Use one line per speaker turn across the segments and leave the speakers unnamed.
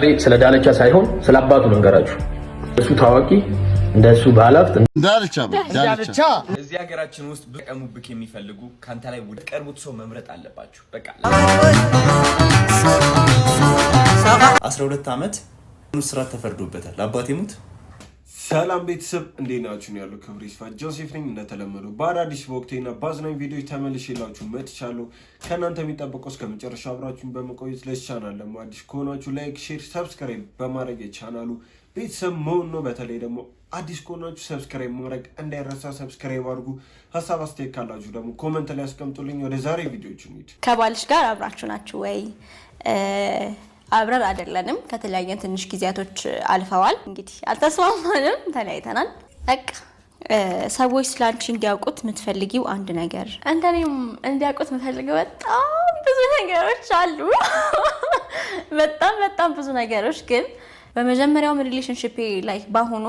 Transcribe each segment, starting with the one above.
ዛሬ ስለ ዳለቻ ሳይሆን ስለ አባቱ ልንገራችሁ። እሱ ታዋቂ እንደሱ ባላፍት
ዳልቻ ዳልቻ
እዚህ ሀገራችን ውስጥ ብቀሙብክ የሚፈልጉ ካንተ ላይ ወደ ቀርቡት ሰው መምረጥ አለባችሁ። በቃ 12 ዓመት ስራት ተፈርዶበታል። አባቴ ሙት
ሰላም ቤተሰብ እንዴት ናችሁ? ነው ያለው ክብር ይስፋ ጆሴፍ ነኝ። እንደተለመደው በአዳዲስ በወቅቴና በአዝናኝ ቪዲዮች ተመልሼላችሁ መጥቻለሁ። ከእናንተ የሚጠበቀው እስከ መጨረሻ አብራችሁን በመቆየት ለቻናል ደግሞ አዲስ ከሆናችሁ ላይክ፣ ሼር፣ ሰብስክራይብ በማድረግ የቻናሉ ቤተሰብ መሆን ነው። በተለይ ደግሞ አዲስ ከሆናችሁ ሰብስክራይብ ማድረግ እንዳይረሳ፣ ሰብስክራይብ አድርጉ። ሀሳብ አስተያየት ካላችሁ ደግሞ ኮመንት ላይ አስቀምጡልኝ። ወደ ዛሬ ቪዲዮች እንሂድ።
ከባልሽ ጋር አብራችሁ ናችሁ ወይ? አብረን አይደለንም። ከተለያየን ትንሽ ጊዜያቶች አልፈዋል። እንግዲህ አልተስማማንም፣ ተለያይተናል። በቃ ሰዎች ስላንቺ እንዲያውቁት የምትፈልጊው አንድ ነገር፣ እንደኔም እንዲያውቁት የምፈልገው በጣም ብዙ ነገሮች አሉ። በጣም በጣም ብዙ ነገሮች ግን በመጀመሪያውም ሪሌሽንሽፕ ላይ በአሁኑ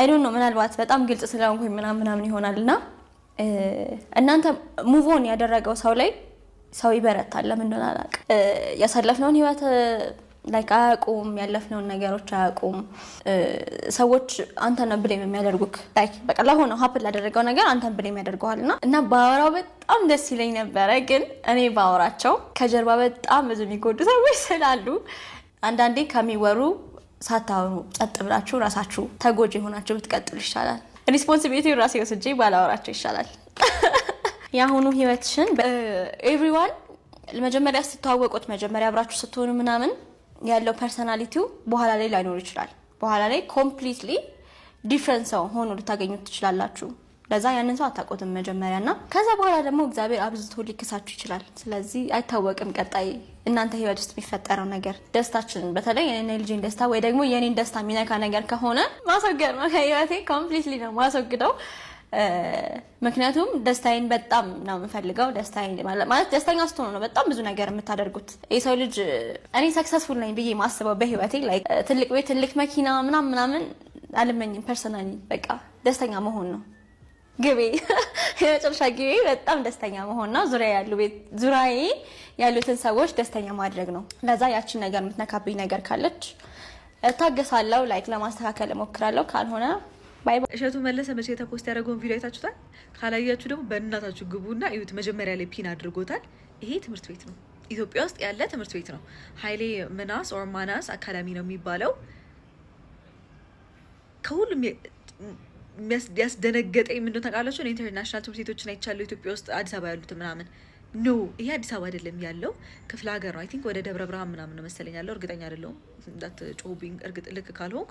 አይዶን ነው ምናልባት በጣም ግልጽ ስለሆንኩኝ ምናምን ምናምን ይሆናል እና እናንተ ሙቮን ያደረገው ሰው ላይ ሰው ይበረታል። ለምን እንደሆነ አላውቅም። ያሳለፍነውን ህይወት ላይክ አያውቁም። ያለፍነውን ነገሮች አያውቁም። ሰዎች አንተን ብሌም የሚያደርጉክ ላይክ በቃ ለሆነው ሀፕን ላደረገው ነገር አንተን ብሌም ያደርገዋል እና እና ባወራው በጣም ደስ ይለኝ ነበረ። ግን እኔ ባወራቸው ከጀርባ በጣም ብዙ የሚጎዱ ሰዎች ስላሉ አንዳንዴ ከሚወሩ ሳታወሩ ጸጥ ብላችሁ ራሳችሁ ተጎጂ የሆናችሁ ብትቀጥሉ ይሻላል። ሪስፖንሲቢሊቲ ራሴ ወስጄ ባላወራቸው ይሻላል። የአሁኑ ህይወትሽን ኤቭሪዋን መጀመሪያ ስትተዋወቁት መጀመሪያ አብራችሁ ስትሆኑ ምናምን ያለው ፐርሰናሊቲው በኋላ ላይ ላይኖር ይችላል። በኋላ ላይ ኮምፕሊትሊ ዲፍረንት ሰው ሆኖ ልታገኙት ትችላላችሁ። ለዛ ያንን ሰው አታውቁትም መጀመሪያ እና ከዛ በኋላ ደግሞ እግዚአብሔር አብዝቶ ሊክሳችሁ ይችላል። ስለዚህ አይታወቅም ቀጣይ እናንተ ህይወት ውስጥ የሚፈጠረው ነገር ደስታችንን፣ በተለይ የኔ ልጅን ደስታ ወይ ደግሞ የኔን ደስታ የሚነካ ነገር ከሆነ ማስወገድ ነው። ከህይወቴ ኮምፕሊትሊ ነው ማስወግደው። ምክንያቱም ደስታዬን በጣም ነው የምፈልገው። ማለት ደስተኛ ስትሆኑ ነው በጣም ብዙ ነገር የምታደርጉት። የሰው ልጅ እኔ ሰክሰስፉል ነኝ ብዬ ማስበው በህይወቴ ላይ ትልቅ ቤት፣ ትልቅ መኪና ምናምን ምናምን አልመኝም። ፐርሰናሊ በቃ ደስተኛ መሆን ነው ግቤ፣ የመጨረሻ ግቤ በጣም ደስተኛ መሆን ነው። ዙሪያዬ ያሉትን ሰዎች ደስተኛ ማድረግ ነው። ለዛ ያችን ነገር የምትነካብኝ ነገር ካለች እታገሳለሁ፣ ላይክ ለማስተካከል እሞክራለሁ ካልሆነ እሸቱ መለሰ መቼ ተፖስት ያደረገውን ቪዲዮ አይታችሁታል? ካላያችሁ ደግሞ በእናታችሁ ግቡና እዩት። መጀመሪያ ላይ ፒን አድርጎታል። ይሄ ትምህርት ቤት ነው፣ ኢትዮጵያ ውስጥ ያለ ትምህርት ቤት ነው። ሀይሌ ምናስ ኦር ማናስ አካዳሚ ነው የሚባለው። ከሁሉም ያስደነገጠኝ ምንድን ታውቃላችሁ? ኢንተርናሽናል ትምህርት ቤቶችን አይቻለሁ ኢትዮጵያ ውስጥ አዲስ አበባ ያሉት ምናምን ኖ ይሄ አዲስ አበባ አይደለም ያለው፣ ክፍለ ሀገር ነው። አይ ቲንክ ወደ ደብረ ብርሃን ምናምን መሰለኝ ያለው፣ እርግጠኛ አይደለሁም። እንዳት ጮቢኝ እርግጥ ልክ ካልሆንኩ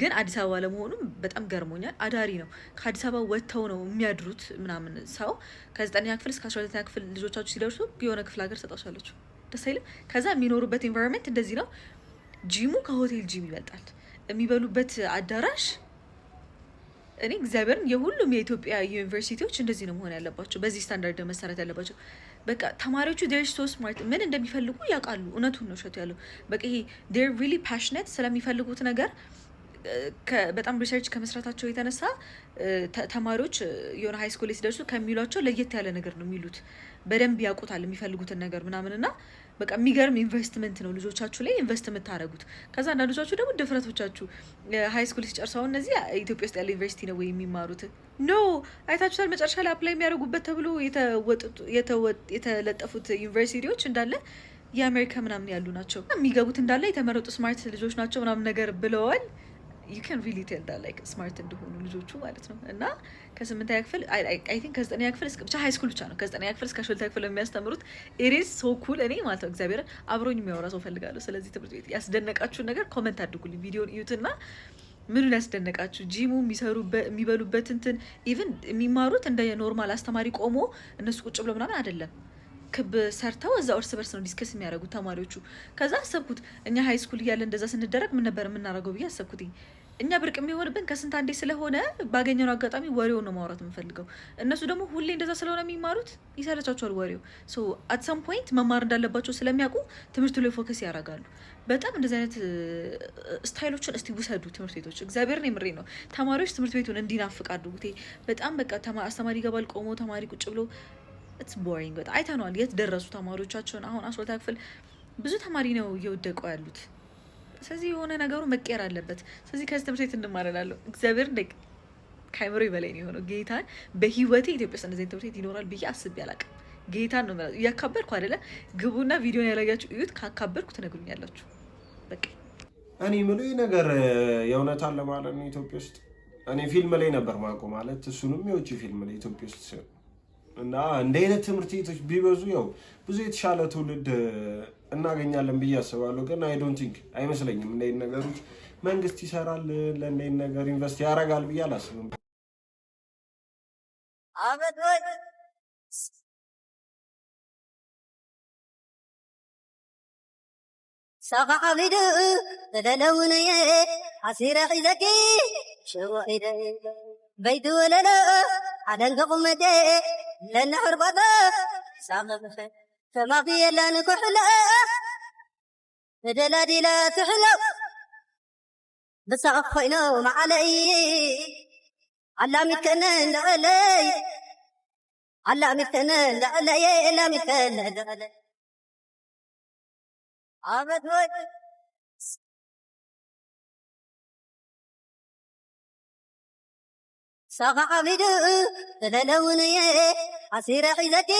ግን አዲስ አበባ ለመሆኑም በጣም ገርሞኛል። አዳሪ ነው። ከአዲስ አበባ ወጥተው ነው የሚያድሩት ምናምን ሰው ከዘጠነኛ ክፍል እስከ አስራ ሁለተኛ ክፍል ልጆቻችሁ ሲደርሱ የሆነ ክፍለ ሀገር ሰጣችኋለች። ደስ አይልም? ከዛ የሚኖሩበት ኢንቫይሮንመንት እንደዚህ ነው። ጂሙ ከሆቴል ጂም ይበልጣል። የሚበሉበት አዳራሽ እኔ እግዚአብሔርን የሁሉም የኢትዮጵያ ዩኒቨርሲቲዎች እንደዚህ ነው መሆን ያለባቸው። በዚህ ስታንዳርድ መሰረት ያለባቸው በቃ ተማሪዎቹ ዴር ሶ ስማርት ምን እንደሚፈልጉ ያውቃሉ። እውነቱን ነው እሸቱ ያለው በቃ ይሄ ዴር ሪሊ ፓሽነት ስለሚፈልጉት ነገር በጣም ሪሰርች ከመስራታቸው የተነሳ ተማሪዎች የሆነ ሀይ ስኩል ሲደርሱ ከሚሏቸው ለየት ያለ ነገር ነው የሚሉት። በደንብ ያውቁታል የሚፈልጉትን ነገር ምናምን እና በቃ የሚገርም ኢንቨስትመንት ነው ልጆቻችሁ ላይ ኢንቨስት የምታደረጉት። ከዛ አንዳንድ ልጆቹ ደግሞ ድፍረቶቻችሁ ሀይ ስኩል ሲጨርሰው እነዚህ ኢትዮጵያ ውስጥ ያለ ዩኒቨርሲቲ ነው ወይ የሚማሩት? ኖ አይታችሁታል። መጨረሻ ላይ አፕላይ የሚያደርጉበት ተብሎ የተለጠፉት ዩኒቨርሲቲዎች እንዳለ የአሜሪካ ምናምን ያሉ ናቸው። የሚገቡት እንዳለ የተመረጡ ስማርት ልጆች ናቸው ምናምን ነገር ብለዋል። ዩ ካን ሪሊ ቴል ዳ ላይክ ስማርት እንደሆኑ ልጆቹ ማለት ነው። እና ከስምንተኛ ክፍል አይ ቲንክ ከዘጠነኛ ክፍል ብቻ ሃይ ስኩል ብቻ ነው ከዘጠነኛ ክፍል እስከ ሾልታ ክፍል የሚያስተምሩት ኢሬዝ ሶ ኩል። እኔ ማለት ነው እግዚአብሔር አብሮኝ የሚያወራ ሰው ፈልጋለሁ። ስለዚህ ትምህርት ቤት ያስደነቃችሁን ነገር ኮመንት አድርጉልኝ፣ ቪዲዮን እዩትና ምኑን ያስደነቃችሁ ጂሙ የሚበሉበት እንትን ኢቨን የሚማሩት እንደ ኖርማል አስተማሪ ቆሞ እነሱ ቁጭ ብሎ ምናምን አይደለም ክብ ሰርተው እዛ እርስ በርስ ነው ዲስከስ የሚያደርጉት ተማሪዎቹ። ከዛ አሰብኩት እኛ ሀይ ስኩል እያለ እንደዛ ስንደረግ ምን ነበር የምናደርገው ብዬ አሰብኩትኝ። እኛ ብርቅ የሚሆንብን ከስንት አንዴ ስለሆነ ባገኘነው አጋጣሚ ወሬውን ነው ማውራት የምፈልገው። እነሱ ደግሞ ሁሌ እንደዛ ስለሆነ የሚማሩት ይሰለቻቸዋል ወሬው። ሶ አት ሰም ፖይንት መማር እንዳለባቸው ስለሚያውቁ ትምህርቱ ላይ ፎከስ ያደርጋሉ። በጣም እንደዚህ አይነት ስታይሎችን እስቲ ውሰዱ ትምህርት ቤቶች። እግዚአብሔርን የምሬ ነው። ተማሪዎች ትምህርት ቤቱን እንዲናፍቅ አድርጉት። በጣም በቃ አስተማሪ ይገባል ቆሞ ተማሪ ቁጭ ብሎ ኢትስ ቦሪንግ። አይተነዋል የት ደረሱ ተማሪዎቻቸውን። አሁን አስወልታ ክፍል ብዙ ተማሪ ነው እየወደቀው ያሉት። ስለዚህ የሆነ ነገሩ መቀየር አለበት። ስለዚህ ከዚህ ትምህርት ቤት እንማረላለሁ። እግዚአብሔር ደግ ከአይምሮ በላይ ነው የሆነው። ጌታ በህይወቴ ኢትዮጵያ ውስጥ እንደዚህ ትምህርት ቤት ይኖራል ብዬ አስቤ አላውቅም። ጌታ ነው ማለት እያካበርኩ አደለ። ግቡና ቪዲዮን ያደረጋችሁ እዩት። ካካበድኩ ትነግሩኛላችሁ። በቃ
እኔ ምሉ ይህ ነገር የእውነት አለ ማለት ነው ኢትዮጵያ ውስጥ። እኔ ፊልም ላይ ነበር ማቆ ማለት እሱንም የውጭ ፊልም ላይ ኢትዮጵያ ውስጥ እና እንደ አይነት ትምህርት ቤቶች ቢበዙ ያው ብዙ የተሻለ ትውልድ እናገኛለን ብዬ አስባለሁ። ግን አይ ዶንት ቲንክ አይመስለኝም። እንደ ነገሮች መንግስት ይሰራል ለእንደ ነገር ኢንቨስት ያደርጋል ብዬ አላስብም። ሰቃ فما في إلا نكحلة بدلادي لا تحلو بس عفوا نوم علي علامك أنا علي علامك أنا علي علامك أنا علي عبد وجه ሰዓቢዱ ዘለለውንየ ኣሲረ ሒዘቲ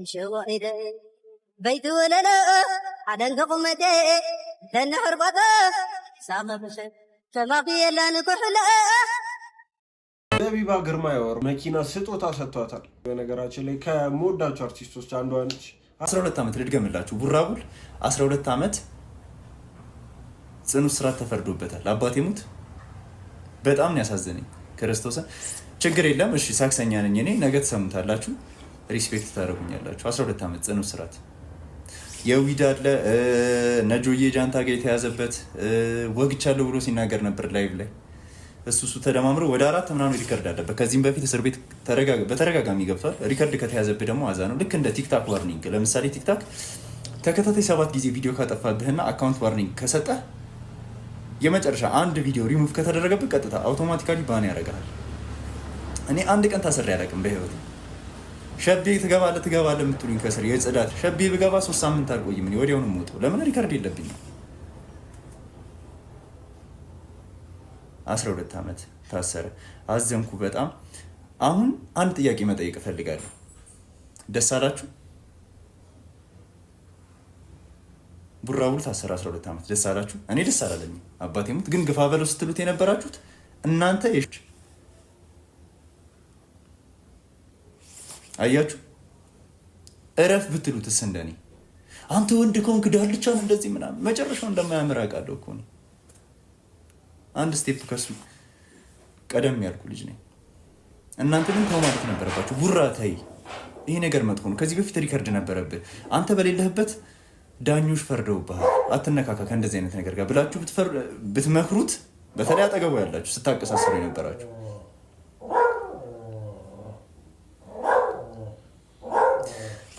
ንሽውዒደ በይቲ ወለሎ ሓደንከ ቁመቴ ተኒ ሕርባቶ ሳመብሸ ተማኽየላ ንኩሕለ ዘቢባ ግርማ የወሩ መኪና ስጦታ ሰጥቷታል። በነገራችን ላይ ከምወዳቸው አርቲስቶች አንዷ ነች።
12 ዓመት ልድገምላችሁ፣ ቡራቡል 12 ዓመት ጽኑ እስራት ተፈርዶበታል። አባቴ ሙት በጣም ነው ያሳዘነኝ። ክርስቶስን ችግር የለም። እሺ ሳክሰኛ ነኝ እኔ። ነገ ትሰሙታላችሁ፣ ሪስፔክት ታደረጉኛላችሁ። 12 ዓመት ጽኑ እስራት የዊድ አለ ነጆዬ ጃንታ ጋር የተያዘበት ወግቻለሁ ብሎ ሲናገር ነበር ላይቭ ላይ እሱ እሱ ተደማምሮ ወደ አራት ምናምን ሪከርድ አለበት። ከዚህም በፊት እስር ቤት በተደጋጋሚ ገብቷል። ሪከርድ ከተያዘብህ ደግሞ አዛ ነው። ልክ እንደ ቲክታክ ዋርኒንግ። ለምሳሌ ቲክታክ ተከታታይ ሰባት ጊዜ ቪዲዮ ካጠፋብህና አካውንት ዋርኒንግ ከሰጠህ የመጨረሻ አንድ ቪዲዮ ሪሙቭ ከተደረገብህ ቀጥታ አውቶማቲካሊ ባን ያደርግሃል። እኔ አንድ ቀን ታስሬ አላውቅም በህይወት። ሸቤ ትገባለህ ትገባለህ የምትሉኝ ከስር የጽዳት ሸቤ ብገባ ሶስት ሳምንት አልቆይም እኔ ወዲያውኑ ሞቶ። ለምን ሪከርድ የለብኝም። አስራ ሁለት ዓመት ታሰረ። አዘንኩ በጣም። አሁን አንድ ጥያቄ መጠየቅ እፈልጋለሁ። ደስ አላችሁ? ቡራቡል ታሰረ 12 ዓመት ደስ አላችሁ? እኔ ደስ አላለኝ። አባቴ ሙት ግን ግፋ በለው ስትሉት የነበራችሁት እናንተ አያችሁ። እረፍ ብትሉትስ እንደኔ አንተ ወንድ ከሆንክ ዳልቻን እንደዚህ ምናምን መጨረሻው እንደማያምር አውቃለሁ እኮ ነው። አንድ ስቴፕ ከሱ ቀደም ያልኩ ልጅ ነኝ። እናንተ ግን ተው ማለት ነበረባችሁ። ቡራ ተይ፣ ይሄ ነገር መጥፎ ነው። ከዚህ በፊት ሪከርድ ነበረብህ አንተ በሌለህበት ዳኞች ፈርደውባል፣ አትነካካ ከእንደዚህ አይነት ነገር ጋር ብላችሁ ብትመክሩት፣ በተለይ አጠገቡ ያላችሁ ስታቀሳስሩ የነበራችሁ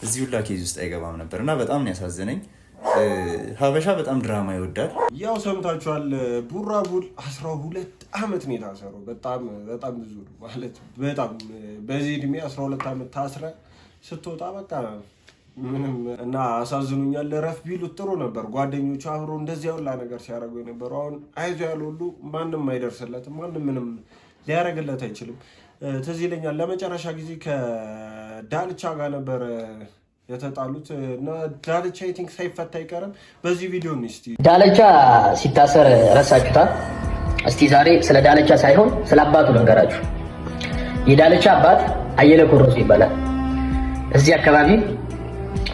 እዚህ ሁላ ኬዝ ውስጥ አይገባም ነበር እና በጣም ያሳዘነኝ። ሀበሻ በጣም ድራማ ይወዳል። ያው ሰምታችኋል። ቡራቡል አስራ ሁለት ዓመት ነው የታሰረው። በጣም በጣም ብዙ ማለት በጣም በዚህ እድሜ አስራ ሁለት ዓመት ታስረ ስትወጣ በቃ ምንም እና አሳዝኑኛል። ለረፍ ቢሉት ጥሩ ነበር። ጓደኞቹ አብሮ እንደዚህ ያውላ ነገር ሲያደርጉ የነበሩ አሁን አይዞ ያሉ ሁሉ ማንም አይደርስለትም። ማንም ምንም ሊያደርግለት አይችልም። ትዝ ይለኛል ለመጨረሻ ጊዜ ከዳልቻ ጋር ነበር የተጣሉት እና ዳልቻ አይ ቲንክ ሳይፈታ አይቀርም። በዚህ ቪዲዮ እስቲ ዳልቻ ሲታሰር ረሳችሁታል። እስቲ ዛሬ ስለ ዳልቻ ሳይሆን ስለ አባቱ ነገራችሁ። የዳልቻ አባት አየለ ኮሮሶ ይባላል። እዚህ አካባቢ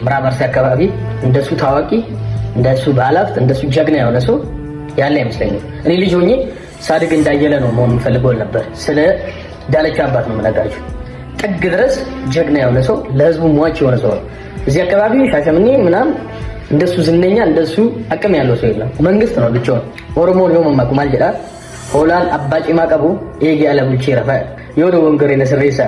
ምዕራብ አርሲ አካባቢ እንደሱ ታዋቂ እንደሱ ባለሀብት እንደሱ ጀግና የሆነ ሰው ያለ አይመስለኝም። እኔ ልጅ ሆኜ ሳድግ እንዳየለ ነው መሆን የምፈልገው ነበር። ስለ ዳለቻ አባት ነው የምነግራችሁ። ጥግ ድረስ ጀግና የሆነ ሰው፣ ለህዝቡ ሟች የሆነ ሰው ነው። እዚህ አካባቢ ሻሸምኔ ምናም እንደሱ ዝነኛ እንደሱ አቅም ያለው ሰው የለም። መንግስት ነው ብቻውን ኦሮሞ ሊሆ መማቁ ማልጀዳ ሆላን አባጭ ማቀቡ ኤጊ አለቡቼ ረፋ የሆነ ወንገሬ ነስሬሳ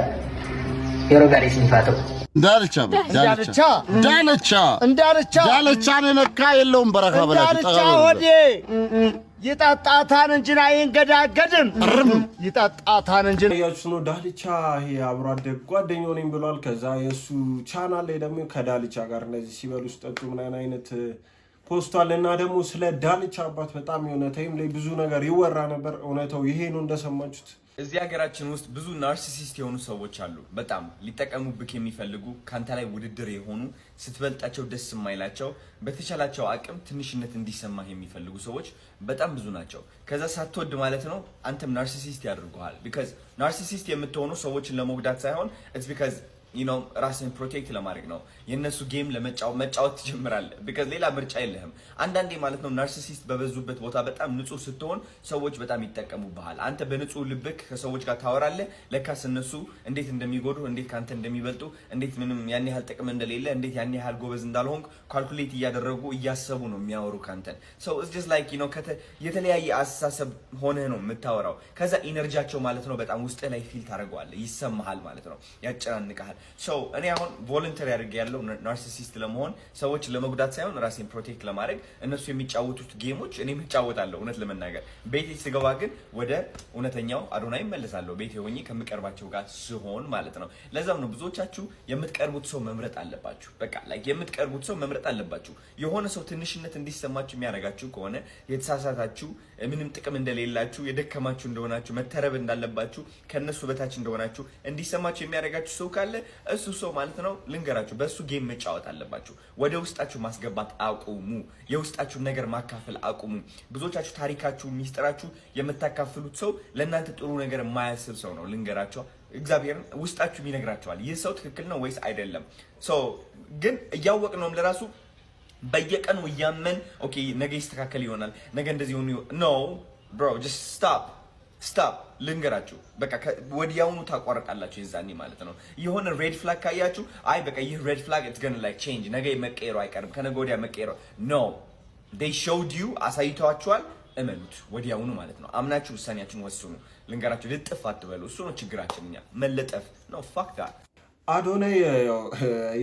የሮጋሬ ሲንፋተው
ዳልቻ ዳልቻ ዳልቻ እንዳልቻ ዳልቻን የነካ የለውም በረካ በላችሁ። ዳልቻ ይጠጣታን እንጂ አይንገዳገድም። እርም ይጠጣታን እንጂ ያያችሁ ነው። ዳልቻ ይሄ አብሮ አደግ ጓደኛው ነኝ ብሏል። ከዛ የእሱ ቻናል ላይ ደግሞ ከዳልቻ ጋር እንደዚህ ሲበሉ ሲጠጡ ምናምን አይነት ፖስቷል እና ደግሞ ስለ ዳልቻ አባት በጣም የሆነ ታይም ላይ ብዙ ነገር ይወራ ነበር። እውነታው ይሄ ነው እንደሰማችሁት
እዚህ ሀገራችን ውስጥ ብዙ ናርሲሲስት የሆኑ ሰዎች አሉ። በጣም ሊጠቀሙብክ የሚፈልጉ ካንተ ላይ ውድድር የሆኑ ስትበልጣቸው ደስ የማይላቸው በተቻላቸው አቅም ትንሽነት እንዲሰማህ የሚፈልጉ ሰዎች በጣም ብዙ ናቸው። ከዛ ሳትወድ ማለት ነው አንተም ናርሲሲስት ያደርገዋል። ቢካዝ ናርሲሲስት የምትሆኑ ሰዎችን ለመጉዳት ሳይሆን ኢትስ ቢካዝ ነው ራስህን ፕሮቴክት ለማድረግ ነው። የእነሱ ጌም መጫወት ትጀምራለህ። ቢካዝ ሌላ ምርጫ የለህም። አንዳንዴ ማለት ነው ናርሲሲስት በበዙበት ቦታ በጣም ንጹህ ስትሆን ሰዎች በጣም ይጠቀሙብሃል። አንተ በንጹህ ልብክ ከሰዎች ጋር ታወራለ ለካስ እነሱ እንዴት እንደሚጎዱ፣ እንዴት ከአንተ እንደሚበልጡ፣ እንዴት ምንም ያን ያህል ጥቅም እንደሌለ፣ እንዴት ያን ያህል ጎበዝ እንዳልሆንክ ካልኩሌት እያደረጉ እያሰቡ ነው የሚያወሩ ካንተን ሰው እስ ላይክ ነው የተለያየ አስተሳሰብ ሆነህ ነው የምታወራው። ከዛ ኢነርጂያቸው ማለት ነው በጣም ውስጥ ላይ ፊል ታደርገዋለህ፣ ይሰማሃል ማለት ነው፣ ያጨናንቀሃል ሰው እኔ አሁን ቮለንተሪ አድርጌ ያለው ናርሲሲስት ለመሆን ሰዎች ለመጉዳት ሳይሆን ራሴን ፕሮቴክት ለማድረግ እነሱ የሚጫወቱት ጌሞች እኔም እጫወታለሁ። እውነት ለመናገር ቤቴ ስገባ ግን ወደ እውነተኛው አዶናይ እመለሳለሁ። ቤቴ ሆኜ ከምቀርባቸው ጋር ስሆን ማለት ነው። ለዛም ነው ብዙዎቻችሁ የምትቀርቡት ሰው መምረጥ አለባችሁ። በቃ ላይ የምትቀርቡት ሰው መምረጥ አለባችሁ። የሆነ ሰው ትንሽነት እንዲሰማችሁ የሚያደርጋችሁ ከሆነ የተሳሳታችሁ፣ ምንም ጥቅም እንደሌላችሁ፣ የደከማችሁ እንደሆናችሁ፣ መተረብ እንዳለባችሁ፣ ከእነሱ በታች እንደሆናችሁ እንዲሰማችሁ የሚያደርጋችሁ ሰው ካለ እሱ ሰው ማለት ነው ልንገራችሁ፣ በእሱ ጌም መጫወት አለባችሁ። ወደ ውስጣችሁ ማስገባት አቁሙ። የውስጣችሁን ነገር ማካፈል አቁሙ። ብዙዎቻችሁ ታሪካችሁ፣ ሚስጥራችሁ የምታካፍሉት ሰው ለእናንተ ጥሩ ነገር የማያስብ ሰው ነው። ልንገራቸው እግዚአብሔርን ውስጣችሁ ይነግራቸዋል። ይህ ሰው ትክክል ነው ወይስ አይደለም? ግን እያወቅ ነውም ለራሱ በየቀኑ እያመን ኦኬ ነገ ይስተካከል ይሆናል ነገ እንደዚህ ሆኑ ነው ብሮ ጀስት ስታፕ ስታፕ ልንገራችሁ። በቃ ወዲያውኑ ታቋርጣላችሁ። የዛኔ ማለት ነው የሆነ ሬድ ፍላግ ካያችሁ፣ አይ በቃ ይህ ሬድ ፍላግ ገና ላይ ቼንጅ ነገ መቀየሩ አይቀርም ከነገ ወዲያ መቀየሩ ኖ ዴይ ሾውድ ዩ አሳይተዋችኋል። እመኑት ወዲያውኑ ማለት ነው። አምናችሁ ውሳኔያችሁን ወስኑ። ልንገራችሁ፣ ልጥፍ አትበሉ። እሱ ነው ችግራችን። እኛ መለጠፍ ነው ፋክ ጋር
አዶናይ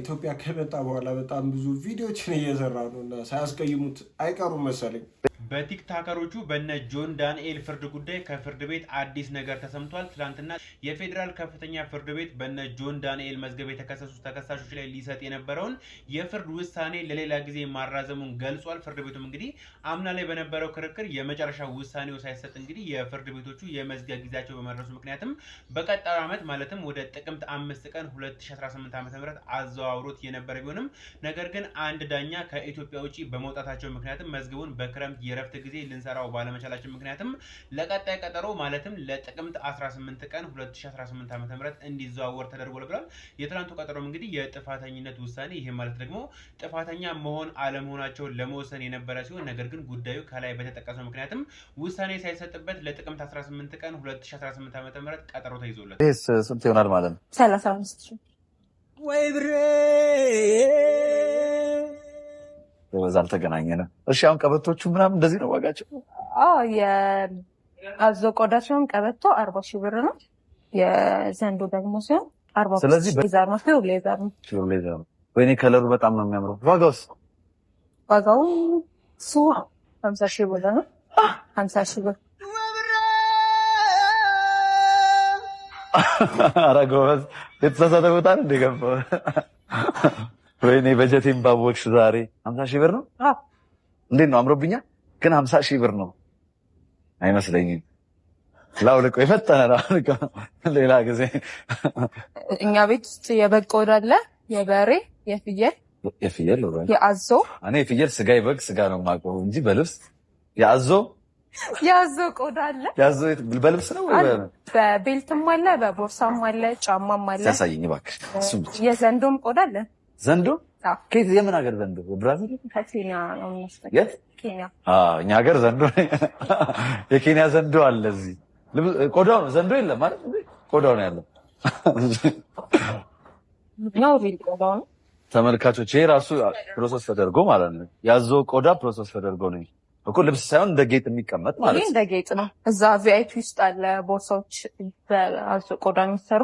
ኢትዮጵያ ከመጣ በኋላ በጣም ብዙ ቪዲዮችን እየሰራ ነው እና ሳያስቀይሙት አይቀሩም መሰለኝ።
በቲክታከሮቹ በነ ጆን ዳንኤል ፍርድ ጉዳይ ከፍርድ ቤት አዲስ ነገር ተሰምቷል። ትላንትና የፌዴራል ከፍተኛ ፍርድ ቤት በነ ጆን ዳንኤል መዝገብ የተከሰሱ ተከሳሾች ላይ ሊሰጥ የነበረውን የፍርድ ውሳኔ ለሌላ ጊዜ ማራዘሙን ገልጿል። ፍርድ ቤቱም እንግዲህ አምና ላይ በነበረው ክርክር የመጨረሻ ውሳኔው ሳይሰጥ እንግዲህ የፍርድ ቤቶቹ የመዝጊያ ጊዜያቸው በመድረሱ ምክንያትም በቀጣዩ ዓመት ማለትም ወደ ጥቅምት አምስት ቀን 2018 ዓ ም አዘዋውሮት የነበረ ቢሆንም ነገር ግን አንድ ዳኛ ከኢትዮጵያ ውጭ በመውጣታቸው ምክንያትም መዝገቡን በክረምት የረፍት ጊዜ ልንሰራው ባለመቻላችን ምክንያትም ለቀጣይ ቀጠሮ ማለትም ለጥቅምት 18 ቀን 2018 ዓ ም እንዲዘዋወር ተደርጎ ብሏል። የትናንቱ ቀጠሮም እንግዲህ የጥፋተኝነት ውሳኔ ይሄ ማለት ደግሞ ጥፋተኛ መሆን አለመሆናቸውን ለመወሰን የነበረ ሲሆን ነገር ግን ጉዳዩ ከላይ በተጠቀሰው ምክንያትም ውሳኔ ሳይሰጥበት ለጥቅምት 18 ቀን 2018 ዓ ም ቀጠሮ ተይዞለት ስንት ይሆናል ማለት ነው?
ሰላሳ አምስት ወይ ብሬ
በዛ አልተገናኘንም። እሺ አሁን ቀበቶቹ ምናምን እንደዚህ ነው ዋጋቸው?
የአዞ ቆዳ ሲሆን ቀበቶ አርባ ሺህ ብር ነው። የዘንዶ ደግሞ ሲሆን አርባ ስለዚህ ሌዘር ነው። ፒውር ሌዘር ነው።
ሌዘር ወይኔ ከለሩ በጣም ነው የሚያምረው። ዋጋውስ?
ዋጋው ሱ ሀምሳ ሺህ ብር ነው። ሀምሳ ሺህ ብር
አረ ጎበዝ፣ የተሳሳተ ቦታ ነው እንደገባ ወይኔ በጀቴን ባወቅሽ ዛሬ ሀምሳ ሺህ ብር ነው። እንዴት ነው አምሮብኛ። ግን ሀምሳ ሺህ ብር ነው አይመስለኝም። ላውልቆ የፈጠነ ላውልቆ። ሌላ ጊዜ
እኛ ቤት ውስጥ የበግ ቆዳ አለ፣ የበሬ፣ የፍየል የፍየል የአዞ።
እኔ የፍየል ስጋ የበግ ስጋ ነው ማቆ እንጂ በልብስ የአዞ
የአዞ ቆዳ አለ።
የአዞ በልብስ ነው
በቤልትም አለ፣ በቦርሳም አለ፣ ጫማም አለ።
ያሳየኝ እባክሽ።
የዘንዶም ቆዳ አለ
ዘንዶ ከየት የምን ሀገር ዘንዶ? ብራዚል እኛ ሀገር ዘንዶ የኬንያ ዘንዶ አለ። እዚህ ቆዳው ነው ዘንዶ የለም ማለት ቆዳው ነው ያለው። ተመልካቾች ይሄ ራሱ ፕሮሰስ ተደርጎ ማለት ነው። ያዘው ቆዳ ፕሮሰስ ተደርጎ ነው እኮ ልብስ ሳይሆን እንደ ጌጥ የሚቀመጥ ማለት ነው።
እንደ ጌጥ ነው። እዛ ቪአይፒ ውስጥ አለ ቦርሳዎች በአዞ ቆዳ የሚሰሩ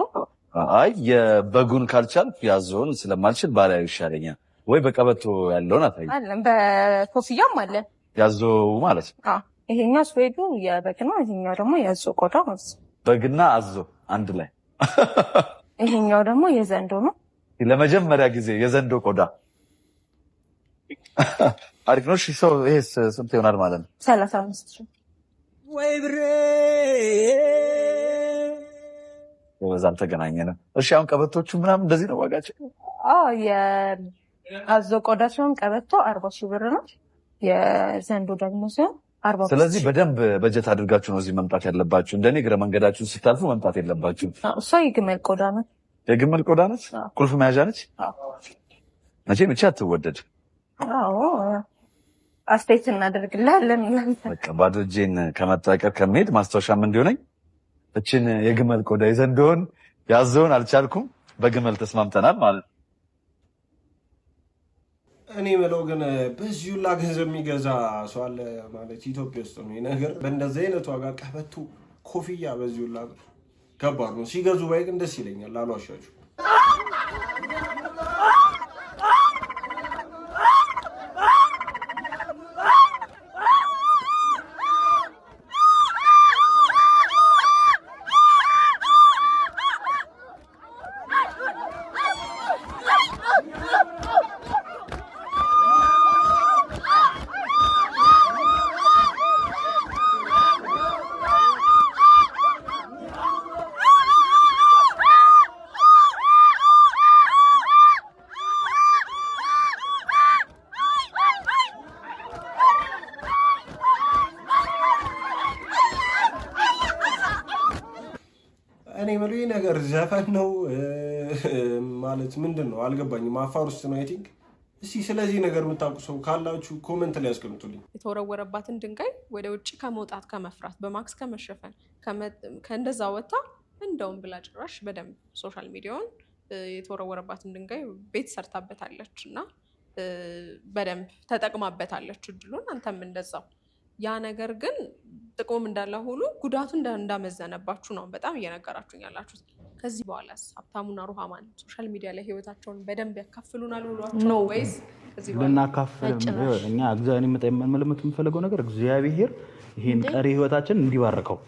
አይ የበጉን ካልቻል ያዞውን ስለማልችል ባህላዊ ይሻለኛል ወይ በቀበቶ ያለውን አታይ
በኮፍያም አለ
ያዞ ማለት
ነው። ይሄኛ ስዌዱ የበግ ነው ይሄኛው ደግሞ የአዞ ቆዳ ማለት ነው።
በግና አዞ አንድ ላይ
ይሄኛው ደግሞ የዘንዶ ነው።
ለመጀመሪያ ጊዜ የዘንዶ ቆዳ አሪፍ ነው። ሰው ይሄ ስንት ይሆናል ማለት ነው?
ሰላሳ አምስት ወይ ብሬ
በዛም ነው። እሺ አሁን ቀበቶቹ ምናምን እንደዚህ ነው ዋጋቸው?
የአዞ ቆዳ ሲሆን ቀበቶ አርባ ሺህ ብር ነው። የዘንዶ ደግሞ ሲሆን
ስለዚህ በደንብ በጀት አድርጋችሁ ነው እዚህ መምጣት ያለባችሁ። እንደኔ እግረ መንገዳችሁን ስታልፉ መምጣት የለባችሁ።
እሷ የግመል ቆዳ ነች፣
የግመል ቆዳ ነች፣ ቁልፍ መያዣ ነች። መቼ ብቻ አትወደድ።
አስተያየት እናደርግላለን።
ባዶ እጄን ከመጠቀር ከመሄድ ማስታወሻም እንዲሆነኝ እችን የግመል ቆዳ ይዘን እንደሆን ያዘውን አልቻልኩም። በግመል ተስማምተናል ማለት ነው።
እኔ ምለው ግን በዚህ ሁላ ገንዘብ የሚገዛ ሰው አለ ማለት ኢትዮጵያ ውስጥ ነው ነገር። በእንደዚህ አይነት ዋጋ ቀበቶ፣ ኮፍያ በዚህ ሁላ ከባድ ነው። ሲገዙ ባይቅ ደስ ይለኛል አሏሻችሁ ዘፈን ነው ማለት ምንድን ነው አልገባኝም። አፋር ውስጥ ነው ቲንክ። እስቲ ስለዚህ ነገር የምታውቁ ሰው ካላችሁ ኮመንት ላይ ያስቀምጡልኝ።
የተወረወረባትን ድንጋይ ወደ ውጭ ከመውጣት ከመፍራት በማክስ ከመሸፈን ከእንደዛ ወጥታ እንደውም ብላ ጭራሽ በደንብ ሶሻል ሚዲያውን የተወረወረባትን ድንጋይ ቤት ሰርታበታለች እና በደንብ ተጠቅማበታለች እድሉን። አንተም እንደዛው ያ ነገር ግን ጥቅሙም እንዳለ ሁሉ ጉዳቱ እንዳመዘነባችሁ ነው በጣም እየነገራችሁኝ ያላችሁት። ከዚህ በኋላስ ሀብታሙና ሩሃማን ሶሻል ሚዲያ ላይ ህይወታቸውን በደንብ ያካፍሉናል ውሏቸው ወይስ
ልናካፍልም? እግዚአብሔር መጣ የምንመለመት የምንፈልገው ነገር እግዚአብሔር ይህን ቀሪ ህይወታችን እንዲባርከው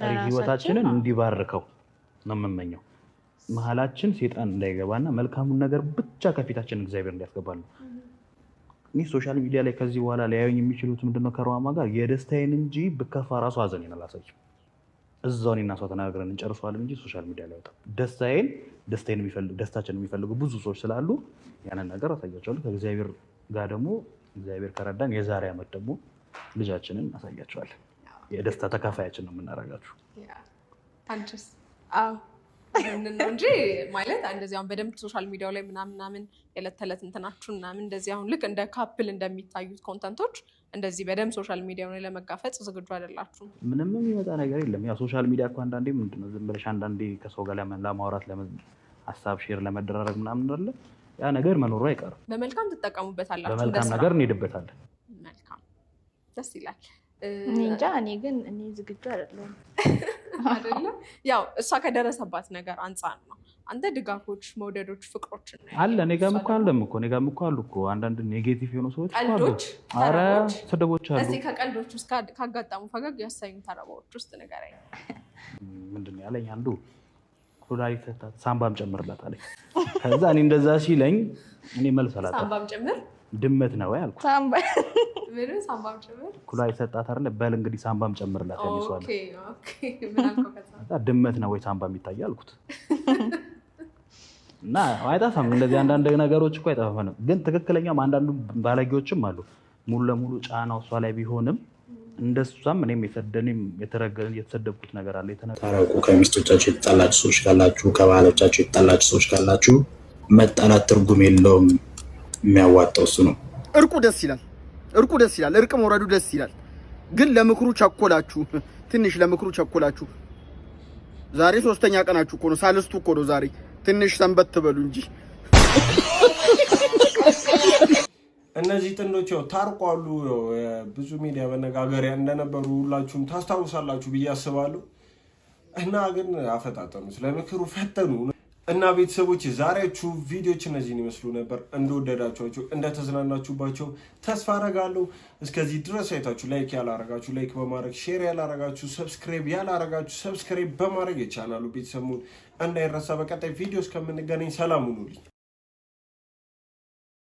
ቀሪ ህይወታችንን እንዲባርከው ነው የምመኘው። መሀላችን ሴጣን እንዳይገባና መልካሙን ነገር ብቻ ከፊታችን እግዚአብሔር እንዲያስገባል ነው። እኔ ሶሻል ሚዲያ ላይ ከዚህ በኋላ ሊያዩኝ የሚችሉት ምንድነው ከሩሃማ ጋር የደስታዬን እንጂ ብከፋ ራሱ ሀዘኔን አላሳይም። እዛው እኔና እሷ ተነጋግረን እንጨርሰዋለን እንጂ ሶሻል ሚዲያ ላይ ወጣ ደስታዬን ደስታዬን የሚፈልጉ ደስታችን የሚፈልጉ ብዙ ሰዎች ስላሉ ያንን ነገር አሳያቸዋለሁ። ከእግዚአብሔር ጋር ደግሞ እግዚአብሔር ከረዳን የዛሬ ዓመት ደግሞ ልጃችንን አሳያቸዋለን። የደስታ ተካፋያችን ነው የምናደርጋችሁ።
ይህንን ነው እንጂ ማለት እንደዚህ በደንብ ሶሻል ሚዲያው ላይ ምናምን ምናምን የዕለት ተዕለት እንትናችሁን ምናምን እንደዚህ አሁን ልክ እንደ ካፕል እንደሚታዩት ኮንተንቶች እንደዚህ በደንብ ሶሻል ሚዲያ ላይ ለመጋፈጥ ዝግጁ አይደላችሁ
ምንም የሚመጣ ነገር የለም። ያው ሶሻል ሚዲያ እኮ አንዳንዴ ምንድን ዝም ብለሽ አንዳንዴ ከሰው ጋር ለማውራት ሀሳብ ሼር ለመደራረግ ምናምን አለ። ያ ነገር መኖሩ አይቀርም።
በመልካም ትጠቀሙበታላችሁ።
በመልካም ነገር እንሄድበታለን።
መልካም ደስ ይላል። እኔ እንጃ። እኔ ግን እኔ ዝግጁ አይደለሁም። አይደለም ያው እሷ ከደረሰባት ነገር አንጻር ነው። አንተ ድጋፎች፣ መውደዶች፣ ፍቅሮች
አለ። እኔ ጋርም እኮ አለም እኮ እኔ ጋርም እኮ አሉ እኮ አንዳንድ ኔጌቲቭ የሆኑ ሰዎች ቀልዶች፣ ስድቦች አሉ።
እዚህ ከቀልዶች ውስጥ ካጋጠሙ ፈገግ ያሳዩ ተረባዎች ውስጥ ነገር አይ
ምንድን ነው ያለኝ አንዱ ኩላሊት ሳምባም ጨምርላት አለኝ። ከዛ እኔ እንደዛ ሲለኝ እኔ መልስ አላጣም። ድመት ነው ሳምባ ኩላ የሰጣት አይደለ? በል እንግዲህ ሳምባም ጨምርላት ያሚሷል ድመት ነው ወይ ሳምባም ይታያል አልኩት። እና አይጠፋም እንደዚህ አንዳንድ ነገሮች እኮ አይጠፋም። ግን ትክክለኛውም አንዳንዱ ባለጌዎችም አሉ። ሙሉ ለሙሉ ጫናው እሷ ላይ ቢሆንም እንደሷም እኔም የሰደንም የተረገን የተሰደብኩት ነገር አለ።
ታረቁ። ከሚስቶቻችሁ የተጣላችሁ ሰዎች ካላችሁ፣ ከባሎቻችሁ የተጣላችሁ ሰዎች ካላችሁ መጣላት ትርጉም የለውም። የሚያዋጣው እሱ ነው።
እርቁ ደስ ይላል። እርቁ ደስ ይላል። እርቅ መውረዱ ደስ ይላል። ግን ለምክሩ ቸኮላችሁ፣ ትንሽ ለምክሩ ቸኮላችሁ። ዛሬ ሶስተኛ ቀናችሁ እኮ ነው፣ ሳልስቱ እኮ ነው። ዛሬ ትንሽ ሰንበት ትበሉ እንጂ
እነዚህ ጥንዶች ያው ታርቋሉ። ብዙ ሚዲያ መነጋገሪያ እንደነበሩ ሁላችሁም ታስታውሳላችሁ ብዬ አስባለሁ። እና ግን አፈጣጠኑ ስለምክሩ ፈተኑ። እና ቤተሰቦች ዛሬዎቹ ቪዲዮች እነዚህን ይመስሉ ነበር። እንደወደዳችኋቸው እንደተዝናናችሁባቸው ተስፋ አረጋለሁ። እስከዚህ ድረስ አይታችሁ ላይክ ያላረጋችሁ ላይክ በማድረግ ሼር ያላረጋችሁ ሰብስክራይብ ያላረጋችሁ ሰብስክራይብ በማድረግ የቻናሉ ቤተሰቡን እንዳይረሳ። በቀጣይ ቪዲዮ እስከምንገናኝ ሰላም ሁኑልኝ።